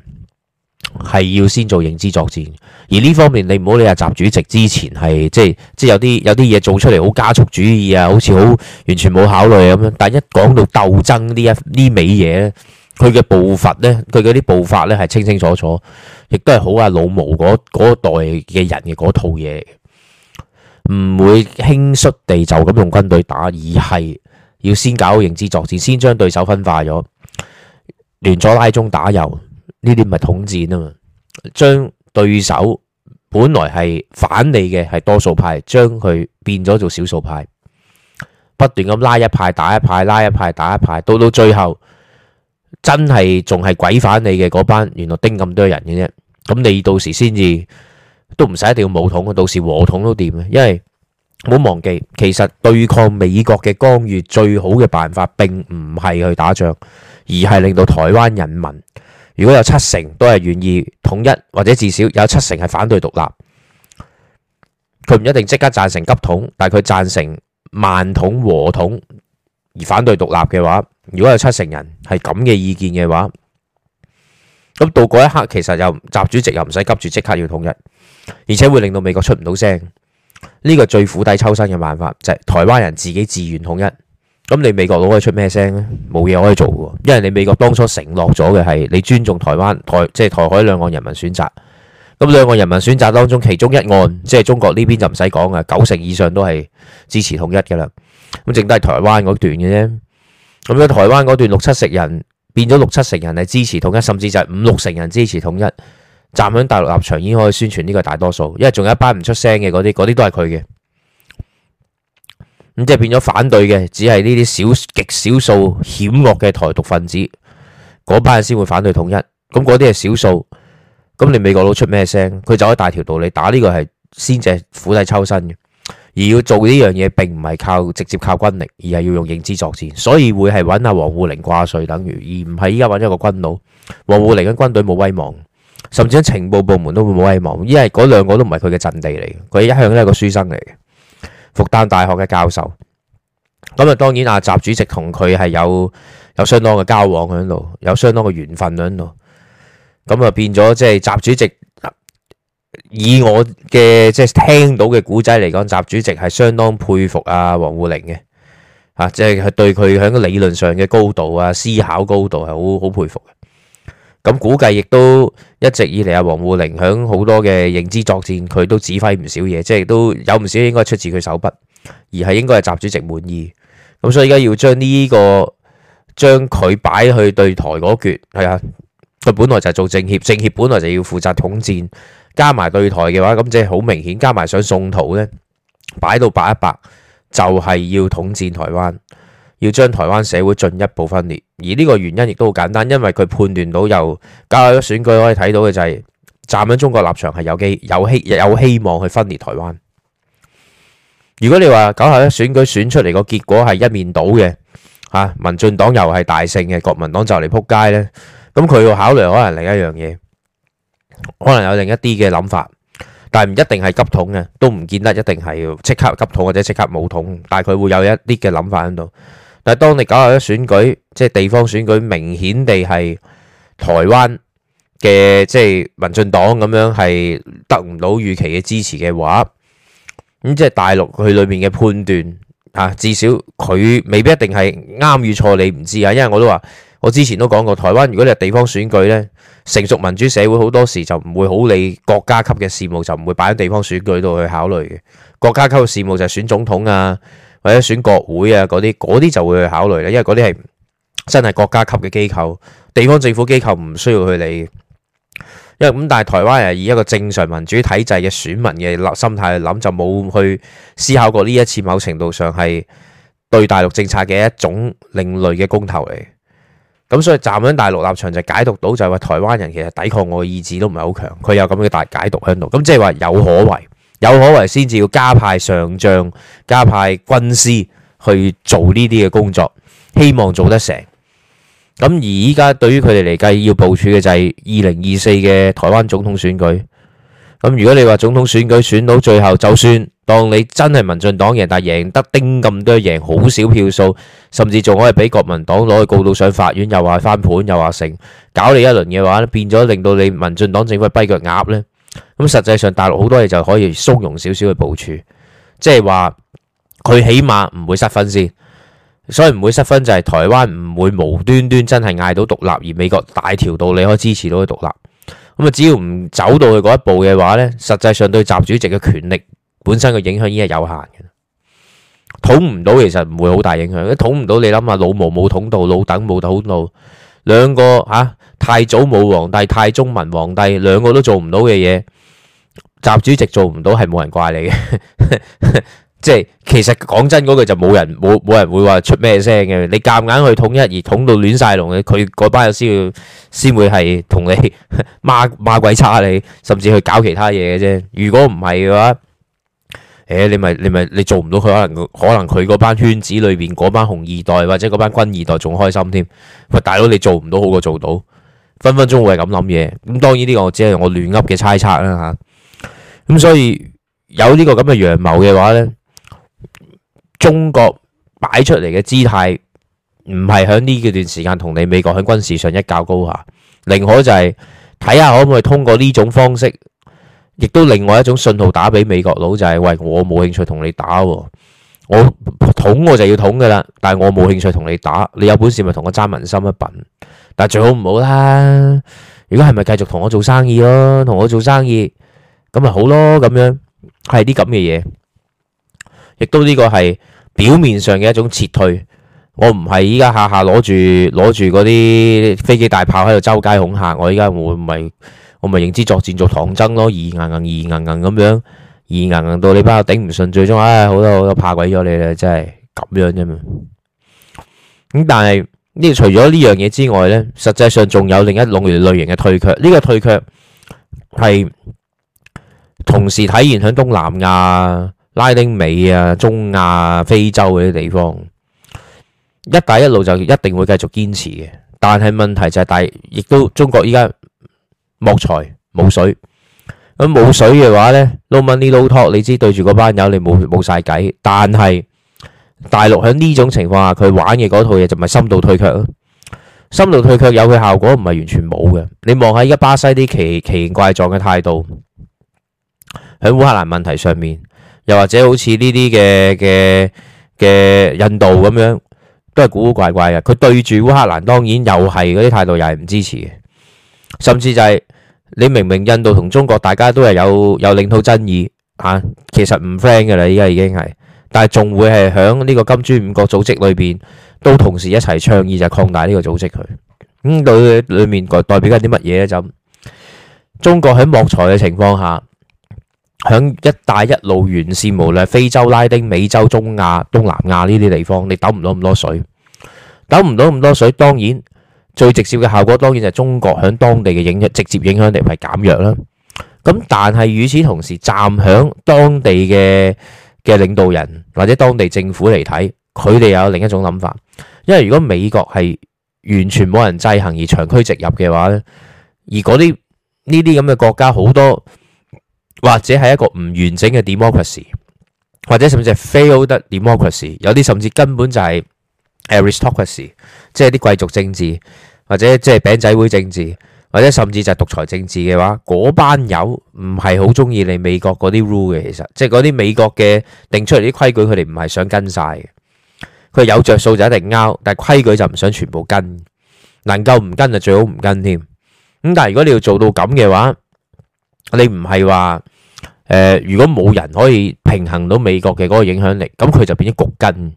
A: 係要先做認知作戰。而呢方面，你唔好理阿習主席之前係即係即係有啲有啲嘢做出嚟好加速主義啊，好似好完全冇考慮咁樣。但係一講到鬥爭呢一呢味嘢咧，佢嘅步伐呢，佢嗰啲步伐呢係清清楚楚。亦都係好啊，老毛嗰代嘅人嘅嗰套嘢，唔會輕率地就咁用軍隊打，而係要先搞認知作戰，先將對手分化咗，聯咗拉中打右，呢啲咪統戰啊嘛，將對手本來係反你嘅係多數派，將佢變咗做少數派，不斷咁拉，拉一派打一派，拉一派打一派，到到最後。真係仲係鬼反你嘅嗰班，原來叮咁多人嘅啫。咁你到時先至都唔使一定要武統，到時和統都掂，因為唔好忘記，其實對抗美國嘅干預最好嘅辦法，並唔係去打仗，而係令到台灣人民如果有七成都係願意統一，或者至少有七成係反對獨立，佢唔一定即刻贊成急統，但係佢贊成慢統和統。而反對獨立嘅話，如果有七成人係咁嘅意見嘅話，咁到嗰一刻其實又習主席又唔使急住即刻要統一，而且會令到美國出唔到聲。呢、這個最釜底抽薪嘅辦法就係、是、台灣人自己自願統一，咁你美國佬可以出咩聲咧？冇嘢可以做嘅，因為你美國當初承諾咗嘅係你尊重台灣台即係、就是、台海兩岸人民選擇，咁兩岸人民選擇當中其中一岸，即、就、係、是、中國呢邊就唔使講啊，九成以上都係支持統一嘅啦。咁剩低係台灣嗰段嘅啫，咁喺台灣嗰段六七成人變咗六七成人係支持統一，甚至就係五六成人支持統一，站喺大陸立場已經可以宣傳呢個大多數，因為仲有一班唔出聲嘅嗰啲，嗰啲都係佢嘅，咁即係變咗反對嘅，只係呢啲小極少數險惡嘅台獨分子，嗰班人先會反對統一，咁嗰啲係少數，咁你美國佬出咩聲？佢就可以大條道理打，呢個係先至係釜底抽薪嘅。而要做呢樣嘢，並唔係靠直接靠軍力，而係要用認知作戰，所以會係揾阿王滬寧掛帥，等於而唔係依家揾咗個軍佬。王滬寧嘅軍隊冇威望，甚至喺情報部門都會冇威望，因為嗰兩個都唔係佢嘅陣地嚟嘅，佢一向都係個書生嚟嘅，復旦大學嘅教授。咁啊，當然阿習主席同佢係有有相當嘅交往響度，有相當嘅緣分響度。咁啊，變咗即係習主席。以我嘅即係聽到嘅古仔嚟講，習主席係相當佩服阿王滬寧嘅，啊，即係對佢喺理論上嘅高度啊，思考高度係好好佩服嘅。咁估計亦都一直以嚟阿王滬寧響好多嘅認知作戰，佢都指揮唔少嘢，即係都有唔少應該出自佢手筆，而係應該係習主席滿意。咁所以而家要將呢個將佢擺去對台嗰橛，係啊，佢本來就係做政協，政協本來就要負責統戰。加埋對台嘅話，咁即係好明顯。加埋想宋濤呢，擺到白一白，就係要統戰台灣，要將台灣社會進一步分裂。而呢個原因亦都好簡單，因為佢判斷到由九合一選舉可以睇到嘅就係，站喺中國立場係有機有希有希望去分裂台灣。如果你話九合一選舉選出嚟個結果係一面倒嘅，嚇民進黨又係大勝嘅，國民黨就嚟撲街呢，咁佢要考慮可能另一樣嘢。可能有另一啲嘅諗法，但係唔一定係急統嘅，都唔見得一定係要即刻急統或者即刻冇統，但係佢會有一啲嘅諗法喺度。但係當你搞下一選舉，即係地方選舉，明顯地係台灣嘅即係民進黨咁樣係得唔到預期嘅支持嘅話，咁即係大陸佢裏面嘅判斷啊，至少佢未必一定係啱與錯，你唔知啊。因為我都話，我之前都講過，台灣如果你係地方選舉呢。成熟民主社會好多時就唔會好理會國家級嘅事務，就唔會擺喺地方選舉度去考慮嘅。國家級嘅事務就係選總統啊，或者選國會啊嗰啲，嗰啲就會去考慮咧，因為嗰啲係真係國家級嘅機構，地方政府機構唔需要去理。因為咁，但係台灣人以一個正常民主體制嘅選民嘅立心態去諗，就冇去思考過呢一次，某程度上係對大陸政策嘅一種另類嘅公投嚟。咁所以站喺大陸立場就解讀到就係話台灣人其實抵抗我嘅意志都唔係好強，佢有咁嘅大解讀喺度，咁即係話有可為，有可為先至要加派上將、加派軍師去做呢啲嘅工作，希望做得成。咁而依家對於佢哋嚟計要部署嘅就係二零二四嘅台灣總統選舉。咁如果你話總統選舉選到最後，就算當你真係民進黨贏，但係贏得丁咁多，贏好少票數，甚至仲可以俾國民黨攞去告到上法院，又話翻盤，又話成搞你一輪嘅話咧，變咗令到你民進黨政府係跛腳鴨呢。咁實際上大陸好多嘢就可以鬆容少少去部署，即係話佢起碼唔會失分先。所以唔會失分就係台灣唔會無端端真係嗌到獨立，而美國大條道理可以支持到佢獨立。咁啊，只要唔走到去嗰一步嘅話咧，實際上對習主席嘅權力本身嘅影響已經係有限嘅，統唔到其實唔會好大影響。一統唔到，你諗下，老毛冇統到，老鄧冇統到，兩個吓太祖武皇帝，太宗文皇帝，兩個都做唔到嘅嘢，習主席做唔到係冇人怪你嘅。即係其實講真嗰句就冇人冇冇人會話出咩聲嘅，你夾硬去統一而統到亂晒龍嘅，佢嗰班有先要先會係同你罵罵鬼差你，甚至去搞其他嘢嘅啫。如果唔係嘅話，誒你咪你咪你做唔到，佢可能可能佢嗰班圈子裏邊嗰班紅二代或者嗰班軍二代仲開心添。喂，大佬你做唔到好過做到，分分鐘會係咁諗嘢。咁當然呢個我只係我亂噏嘅猜測啦吓。咁所以有呢個咁嘅陽謀嘅話咧，中國擺出嚟嘅姿態，唔係喺呢段時間同你美國喺軍事上一較高下，寧可就係睇下可唔可以通過呢種方式，亦都另外一種信號打俾美國佬，就係、是、喂我冇興趣同你打喎，我統我就要統㗎喇，但係我冇興趣同你打，你有本事咪同我爭民心一品，但係最好唔好啦。如果係咪繼續同我做生意咯，同我做生意咁咪好咯，咁樣係啲咁嘅嘢。亦都呢個係表面上嘅一種撤退，我唔係依家下下攞住攞住嗰啲飛機大炮喺度周街恐嚇，我依家我唔係我咪係認知作戰做唐僧咯，二硬硬二硬硬咁樣二硬硬到你班頂唔順，最終唉好多好多怕鬼咗你啦，真係咁樣啫嘛。咁但係呢除咗呢樣嘢之外呢，實際上仲有另一種類型嘅退卻，呢個退卻係同時體現響東南亞。拉丁美啊、中亞、非洲嗰啲地方，一帶一路就一定會繼續堅持嘅。但係問題就係大，亦都中國依家冇財冇水，咁冇水嘅話咧，no money no talk，你知對住嗰班友你冇冇曬計。但係大陸喺呢種情況下，佢玩嘅嗰套嘢就咪深度退卻咯。深度退卻有佢效果，唔係完全冇嘅。你望下依家巴西啲奇奇怪狀嘅態度，喺烏克蘭問題上面。又或者好似呢啲嘅嘅嘅印度咁樣，都係古古怪怪嘅。佢對住烏克蘭，當然又係嗰啲態度又係唔支持嘅。甚至就係、是、你明明印度同中國大家都係有有領土爭議嚇、啊，其實唔 friend 㗎啦，依家已經係，但係仲會係喺呢個金磚五國組織裏邊，都同時一齊倡議就擴大呢個組織佢。咁佢裏面代表緊啲乜嘢咧？就中國喺莫才嘅情況下。響一帶一路沿線，無論非洲、拉丁美洲、中亞、東南亞呢啲地方，你揼唔到咁多水，揼唔到咁多水，當然最直接嘅效果，當然就係中國響當地嘅影，直接影響力係減弱啦。咁但係與此同時，站響當地嘅嘅領導人或者當地政府嚟睇，佢哋有另一種諗法。因為如果美國係完全冇人制衡而長驅直入嘅話咧，而嗰啲呢啲咁嘅國家好多。或者係一個唔完整嘅 democracy，或者甚至係 failed democracy，有啲甚至根本就係 aristocracy，即係啲貴族政治，或者即係餅仔會政治，或者甚至就係獨裁政治嘅話，嗰班友唔係好中意你美國嗰啲 rule 嘅。其實即係嗰啲美國嘅定出嚟啲規矩，佢哋唔係想跟晒嘅。佢有着數就一定拗，但係規矩就唔想全部跟，能夠唔跟就最好唔跟添。咁但係如果你要做到咁嘅話，你唔係話誒，如果冇人可以平衡到美國嘅嗰個影響力，咁佢就變咗局根。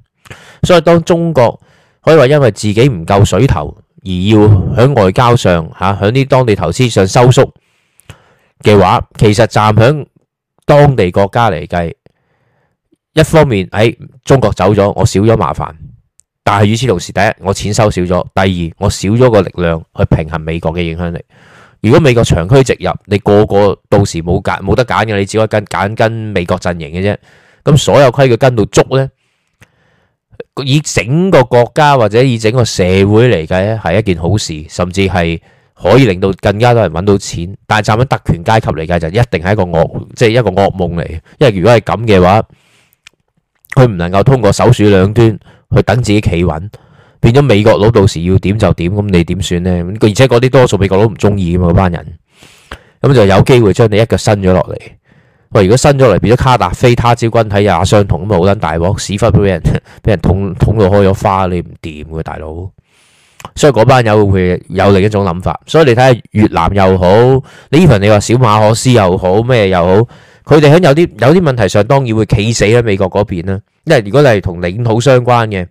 A: 所以當中國可以話因為自己唔夠水頭，而要喺外交上吓，喺、啊、啲當地投資上收縮嘅話，其實站響當地國家嚟計，一方面喺、哎、中國走咗，我少咗麻煩，但係與此同時，第一我錢收少咗，第二我少咗個力量去平衡美國嘅影響力。如果美國長驅直入，你個個到時冇揀冇得揀嘅，你只可以跟揀跟美國陣營嘅啫。咁所有規矩跟到足咧，以整個國家或者以整個社會嚟計係一件好事，甚至係可以令到更加多人揾到錢。但係站喺特權階級嚟計就一定係一個惡，即係一個噩夢嚟。因為如果係咁嘅話，佢唔能夠通過首鼠兩端，去等自己企穩。變咗美國佬到時要點就點，咁你點算呢？而且嗰啲多數美國佬唔中意噶嗰班人，咁就有機會將你一腳伸咗落嚟。喂，如果伸咗落嚟，變咗卡達菲，他朝君體也相同，咁啊好撚大鑊，屎忽都俾人俾人捅捅到開咗花，你唔掂嘅大佬。所以嗰班友會有另一種諗法。所以你睇下越南又好，你 even 你話小馬可斯又好咩又好，佢哋喺有啲有啲問題上當然會企死喺美國嗰邊啦。因為如果你係同領土相關嘅。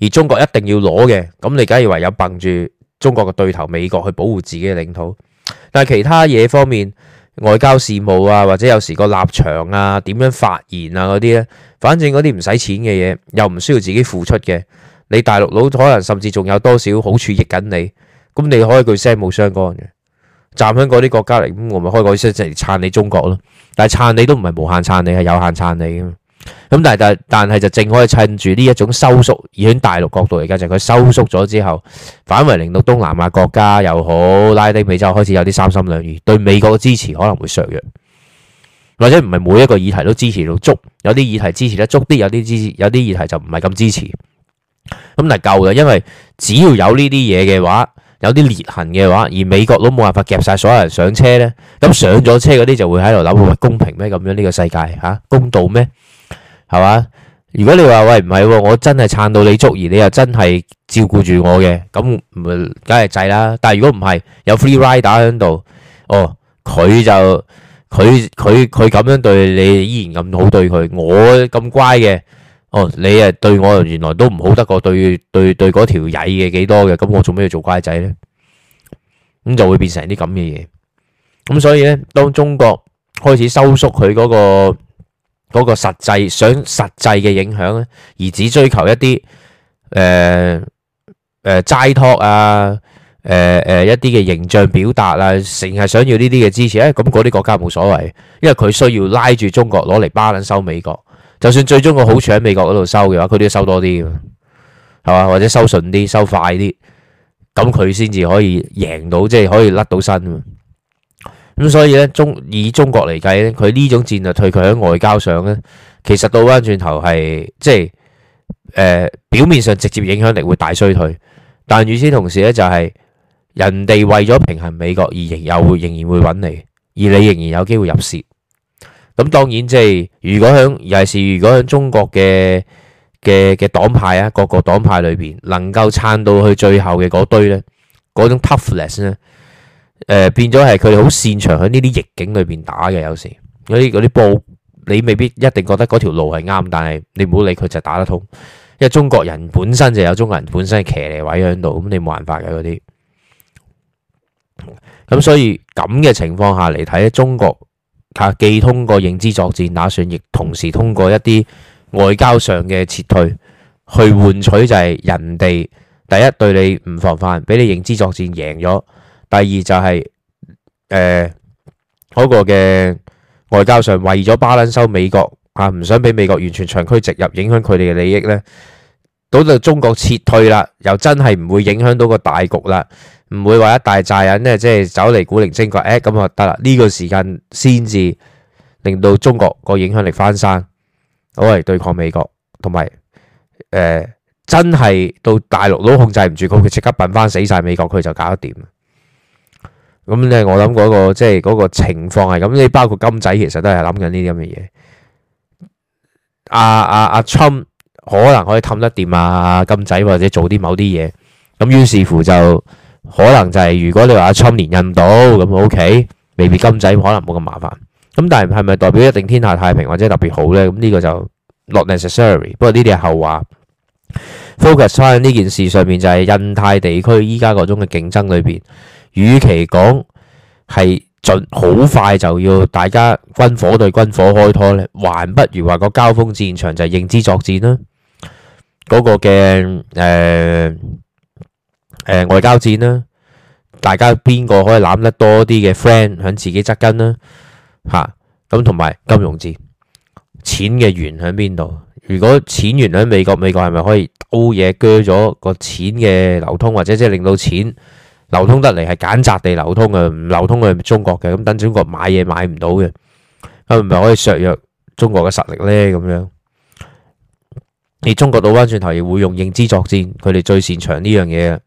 A: 而中國一定要攞嘅，咁你梗係唯有掹住中國嘅對頭美國去保護自己嘅領土。但係其他嘢方面，外交事務啊，或者有時個立場啊，點樣發言啊嗰啲呢，反正嗰啲唔使錢嘅嘢，又唔需要自己付出嘅，你大陸佬可能甚至仲有多少好處益緊你，咁你可以句聲冇相干嘅，站喺嗰啲國家嚟，咁我咪開個聲嚟撐你中國咯。但係撐你都唔係無限撐你，係有限撐你。咁但係但但係就正可以趁住呢一種收縮，而喺大陸角度嚟講，就係佢收縮咗之後，反為令到東南亞國家又好，拉丁美洲開始有啲三心兩意，對美國嘅支持可能會削弱，或者唔係每一個議題都支持到足，有啲議題支持得足啲，有啲支持有啲議題就唔係咁支持。咁但係夠啦，因為只要有呢啲嘢嘅話，有啲裂痕嘅話，而美國都冇辦法夾晒所有人上車咧，咁上咗車嗰啲就會喺度諗，公平咩？咁樣呢個世界吓公道咩？係嘛？如果你話，喂，唔係喎，我真係撐到你足而，你又真係照顧住我嘅，咁唔梗係制啦。但係如果唔係，有 free ride 打喺度，哦，佢就佢佢佢咁樣對你，依然咁好對佢，我咁乖嘅，哦，你誒對我原來都唔好得過對對對嗰條曳嘅幾多嘅，咁、嗯、我做咩要做乖仔咧？咁就會變成啲咁嘅嘢。咁所以咧，當中國開始收縮佢嗰個。嗰個實際想實際嘅影響咧，而只追求一啲誒誒齋托啊，誒、呃、誒、呃、一啲嘅形象表達啦，成日想要呢啲嘅支持咧，咁嗰啲國家冇所謂，因為佢需要拉住中國攞嚟巴撚收美國，就算最終個好處喺美國嗰度收嘅話，佢都要收多啲，係嘛，或者收順啲，收快啲，咁佢先至可以贏到，即、就、係、是、可以甩到身。咁所以咧，中以中國嚟計咧，佢呢種戰略退卻喺外交上咧，其實倒翻轉頭係即係誒、呃、表面上直接影響力會大衰退，但與此同時咧、就係，就係人哋為咗平衡美國而仍然會仍然會揾你，而你仍然有機會入蝕。咁當然即係如果響尤其是如果響中國嘅嘅嘅黨派啊，各個黨派裏邊能夠撐到去最後嘅嗰堆咧，嗰種 toughness 咧。誒，變咗係佢哋好擅長喺呢啲逆境裏邊打嘅，有時嗰啲嗰啲步，你未必一定覺得嗰條路係啱，但係你唔好理佢就打得通，因為中國人本身就有中國人本身嘅騎呢位喺度，咁你冇辦法嘅嗰啲。咁所以咁嘅情況下嚟睇，中國吓既通過認知作戰打算，亦同時通過一啲外交上嘅撤退去換取，就係人哋第一對你唔防範，俾你認知作戰贏咗。第二就係誒嗰個嘅外交上，為咗巴倫收美國啊，唔想俾美國完全長驅直入，影響佢哋嘅利益咧，到到中國撤退啦，又真係唔會影響到個大局啦，唔會話一大扎人咧，即係走嚟古靈精怪誒，咁就得啦，呢個時間先至令到中國個影響力翻生，好嚟對抗美國，同埋誒真係到大陸都控制唔住佢，佢即刻笨翻死晒美國，佢就搞得掂。咁咧，我諗嗰個即係嗰個情況係咁，你包括金仔其實都係諗緊呢啲咁嘅嘢。阿阿阿 Trump 可能可以氹得掂啊，金仔或者做啲某啲嘢。咁於是乎就可能就係如果你話阿 Trump 連印度咁 OK，未必金仔可能冇咁麻煩。咁但係係咪代表一定天下太平或者特別好咧？咁呢個就 not necessary。不過呢啲係後話。focus 喺呢件事上面就係印太地區依家嗰種嘅競爭裏邊。與其講係盡好快就要大家軍火對軍火開拖咧，還不如話個交鋒戰場就係認知作戰啦。嗰、那個嘅誒誒外交戰啦，大家邊個可以攬得多啲嘅 friend 響自己側跟啦？嚇咁同埋金融戰，錢嘅源響邊度？如果錢源響美國，美國係咪可以偷嘢鋸咗個錢嘅流通，或者即係令到錢流通得嚟係揀擇地流通嘅，唔流通去中國嘅，咁等住中國買嘢買唔到嘅，咁唔係可以削弱中國嘅實力咧？咁樣，而中國倒翻轉頭又會用認知作戰，佢哋最擅長呢樣嘢，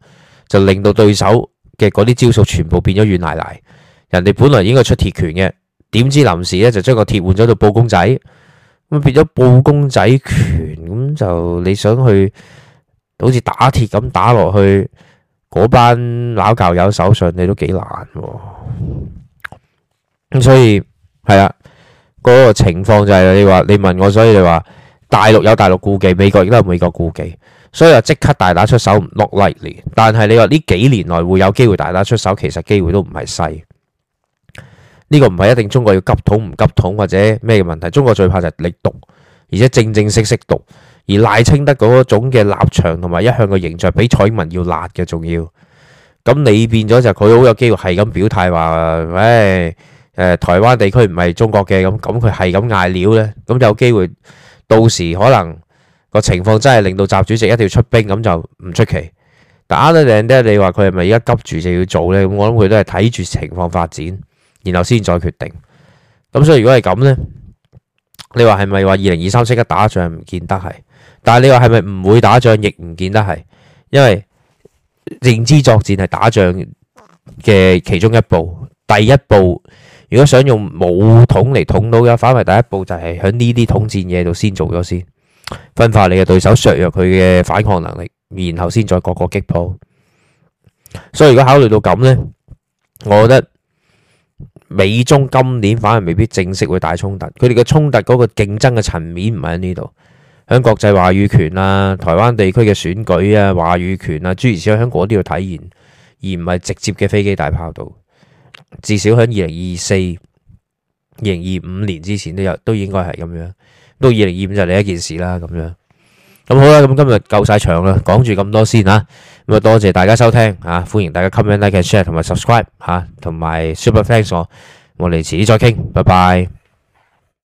A: 就令到對手嘅嗰啲招數全部變咗軟賴賴。人哋本來應該出鐵拳嘅，點知臨時咧就將個鐵換咗做布公仔，咁變咗布公仔拳，咁就你想去好似打鐵咁打落去。嗰班老教友手上，你都幾難咁，所以係啊。嗰、那個情況就係、是、你話，你問我，所以你話大陸有大陸顧忌，美國亦都有美國顧忌，所以話即刻大打出手，唔落嚟。但係你話呢幾年內會有機會大打出手，其實機會都唔係細。呢、這個唔係一定中國要急統唔急統或者咩嘅問題，中國最怕就係逆獨。而且正正式式讀，而賴清德嗰種嘅立場同埋一向嘅形象，比蔡英文要辣嘅仲要。咁你變咗就佢好有機會係咁表態話，喂，誒，台灣地區唔係中國嘅咁咁佢係咁嗌料咧，咁有機會到時可能個情況真係令到習主席一定要出兵，咁就唔出奇。但 u n d e 你話佢係咪一急住就要做呢？咁我諗佢都係睇住情況發展，然後先再決定。咁所以如果係咁呢。你話係咪話二零二三即刻打仗唔見得係，但係你話係咪唔會打仗亦唔見得係，因為認知作戰係打仗嘅其中一步。第一步如果想用武統嚟統到嘅，反為第一步就係喺呢啲統戰嘢度先做咗先，分化你嘅對手，削弱佢嘅反抗能力，然後先再各個擊破。所以如果考慮到咁呢，我覺得。美中今年反而未必正式會大衝突，佢哋嘅衝突嗰個競爭嘅層面唔係喺呢度，響國際話語權啊，台灣地區嘅選舉啊、話語權啊，諸如此類，喺嗰啲要體現，而唔係直接嘅飛機大炮度。至少響二零二四、二零二五年之前都有都應該係咁樣，到二零二五就另一件事啦咁樣。咁好啦，咁今日夠晒場啦，講住咁多先吓，咁啊，多謝大家收聽吓，歡迎大家 comment、like、share 同埋 subscribe 吓，同埋 super thanks 我。我哋遲啲再傾，拜拜。